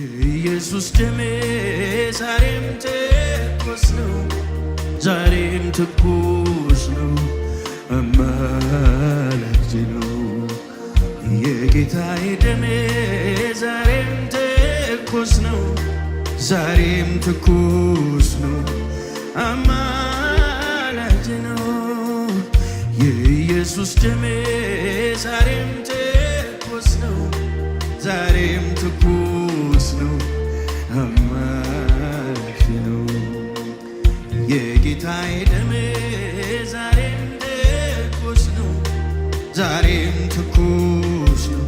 የኢየሱስ ደሜ ዛሬም ትኩስ ነው፣ ዛሬም ትኩስ ነው፣ አማላጅ ነው። የጌታዬ ደሜ ዛሬም ትኩስ ነው፣ ዛሬም ትኩስ ነው፣ አማላጅ ነው። የኢየሱስ ደሜ ዛሬም ትኩስ ነው፣ ዛሬም ትኩስ የጌታዬ ደም ዛሬም ትኩስ ነው፣ ዛሬም ትኩስ ነው፣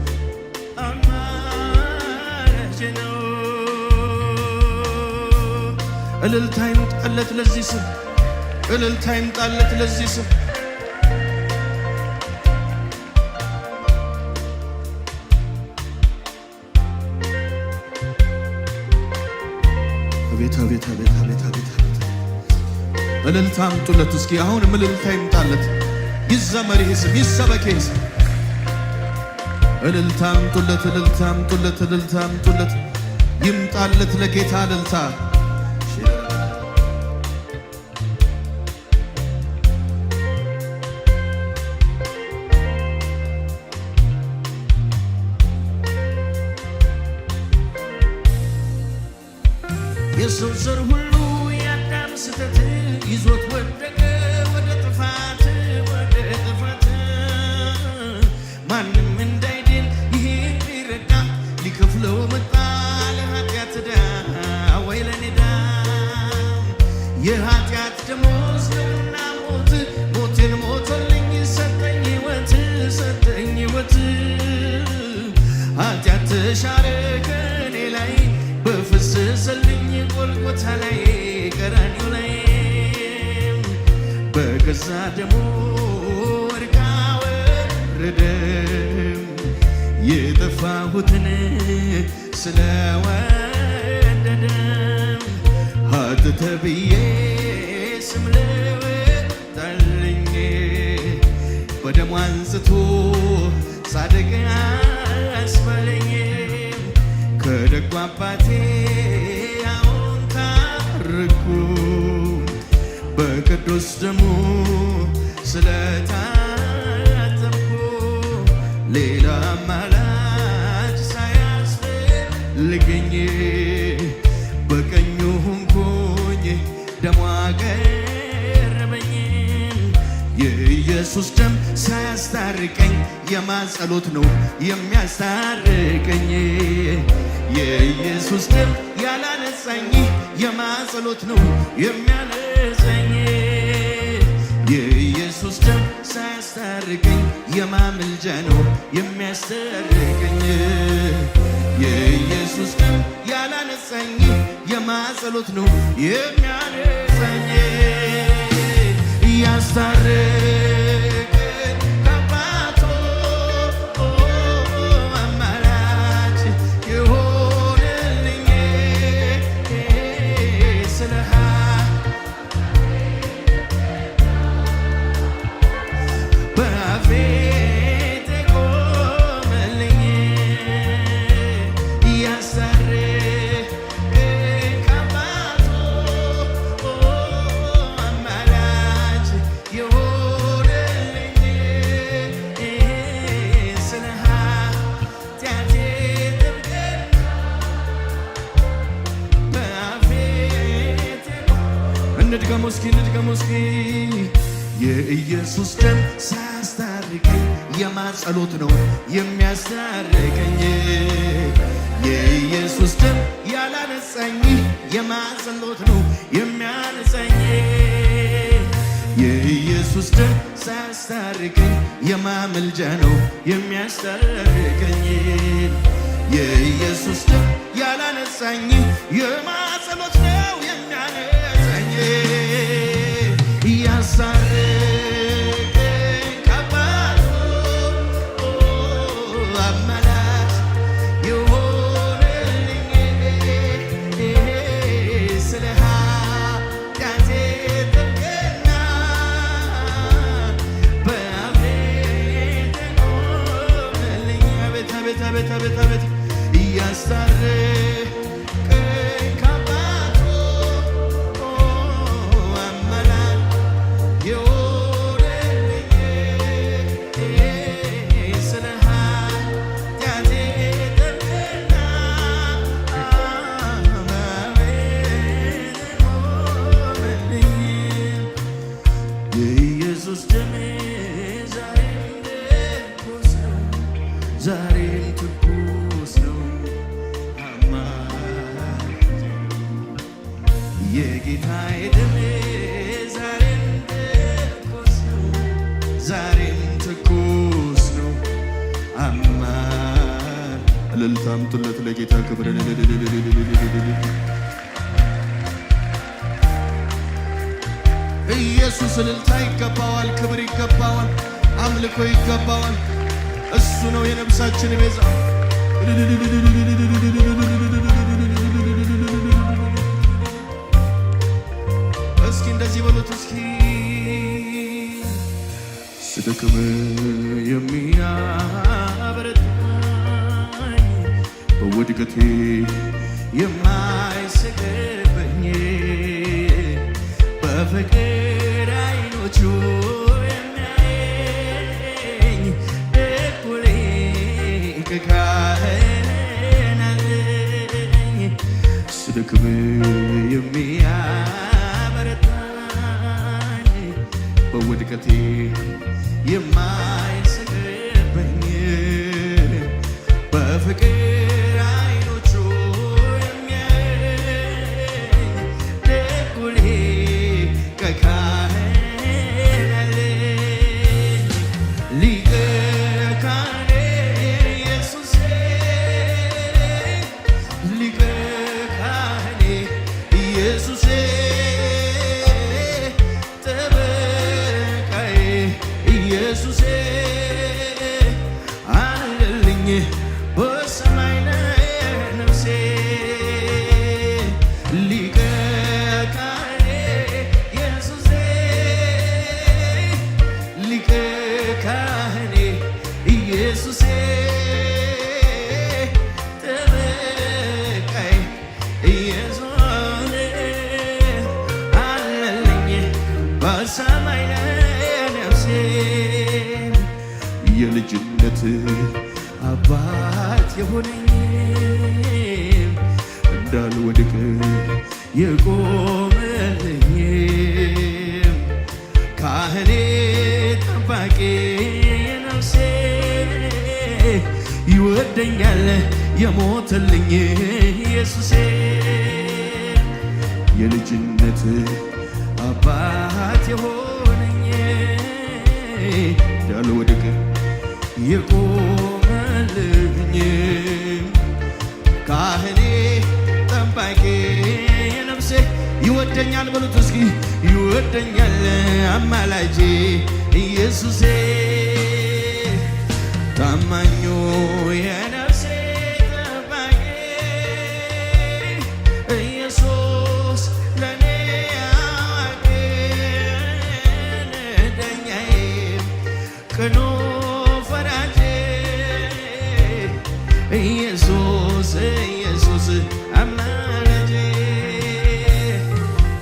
አማራጭ ነው። እልልታ ይምጣለት ለዚህ ስም፣ እልልታ ይምጣለት ለዚህ ስም። አቤት አቤት አቤት አቤት አቤት እልልታ አምጡለት። እስኪ አሁንም እልልታ ይምጣለት። ይዘመር ይህ ስም ይሰበክ ይህ ስም። እልልታ አምጡለት፣ እልልታ አምጡለት፣ እልልታ አምጡለት። ይምጣለት ለጌታ እልልታ የሰው ዘር ሁሉ የአዳም ስህተት ይዞት ወደቀ ወደ ጥፋት ወደ ጥፋት ማንም እንዳይድን ይሄ ሊረዳ ሊከፍለው መጣ ለኃጢአት ዕዳ ወይ ለኔ የኃጢአት ደሞዝ ነውና ሞት ሞቴን ሞተልኝ ሰጠኝ ሕይወት ሰጠኝ ሕይወት ኃጢአት ተሻረ ከኔ ላይ በፈሰሰልኝ ጎልጎታ ላይ ቀራኒ በገዛ ደሙ ወድቃ ወረደም የጠፋሁትን ስለወደደም ሀጥ ተብዬ ስም ልጠልኝ በደሙ አንጽቶ ጻድቅ አስበለኝ ከደጉ አባቴ አሁን ታርኩ በቅዱስ ደሙ ስለታተምኩ ሌላ አማላጅ ሳያስፈልገኝ በቀኙ ሁንኩኝ ደሟ ገረመኝ የኢየሱስ ደም ሳያስታርቀኝ የማጸሎት ነው የሚያስታርቀኝ የኢየሱስ ደም ያላነጻኝ የማጸሎት ነው የሚያነ ኢየሱስ ደም ሳያስታርቀኝ የማምልጃ ነው የሚያስታርቀኝ የኢየሱስ ደም ያላነሳኝ የማጸሎት ነው የሚያነሳኝ ያስታር ውስጤ የኢየሱስ ደም ሳያስታርቀኝ የማጸሎት ነው የሚያስታርቀኝ የኢየሱስ ደም ያላነጻኝ የማጸሎት ነው የሚያነጻኝ የኢየሱስ ደም ሳያስታርቀኝ የማመልጃ ነው የሚያስታርቀኝ የኢየሱስ ደም ያላነጻኝ የማጸሎት ነው outside. እልልታ አምጡለት ለጌታ ክብር። ኢየሱስ እልልታ ይገባዋል፣ ክብር ይገባዋል፣ አምልኮ ይገባዋል። እሱ ነው የነብሳችን ቤዛ። እስኪ እንደዚህ በሉት እስኪ ስደክም የሚያበረታ ውድቀቴ የማይሰገብኝ በፍቅር አይኖቹ ሞገሴም የልጅነት አባት የሆነኝ እንዳልወድቅ የቆመልኝም ካህኔ ጠባቂ ነፍሴ ይወደኛል የሞተልኝ ኢየሱሴ የልጅነት አባት የሆ እንዳልወድቅ የቆመልኝ ካህኔ ጠባቂ ነፍሴ ይወደኛል በሉት እስኪ ይወደኛል አማላጄ ኢየሱሴ ታማኙ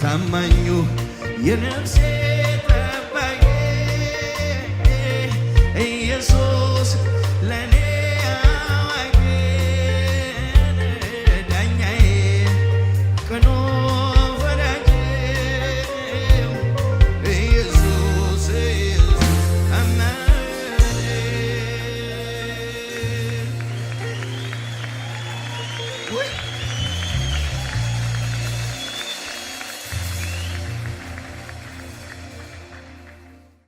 ታማኙ የነፍሴ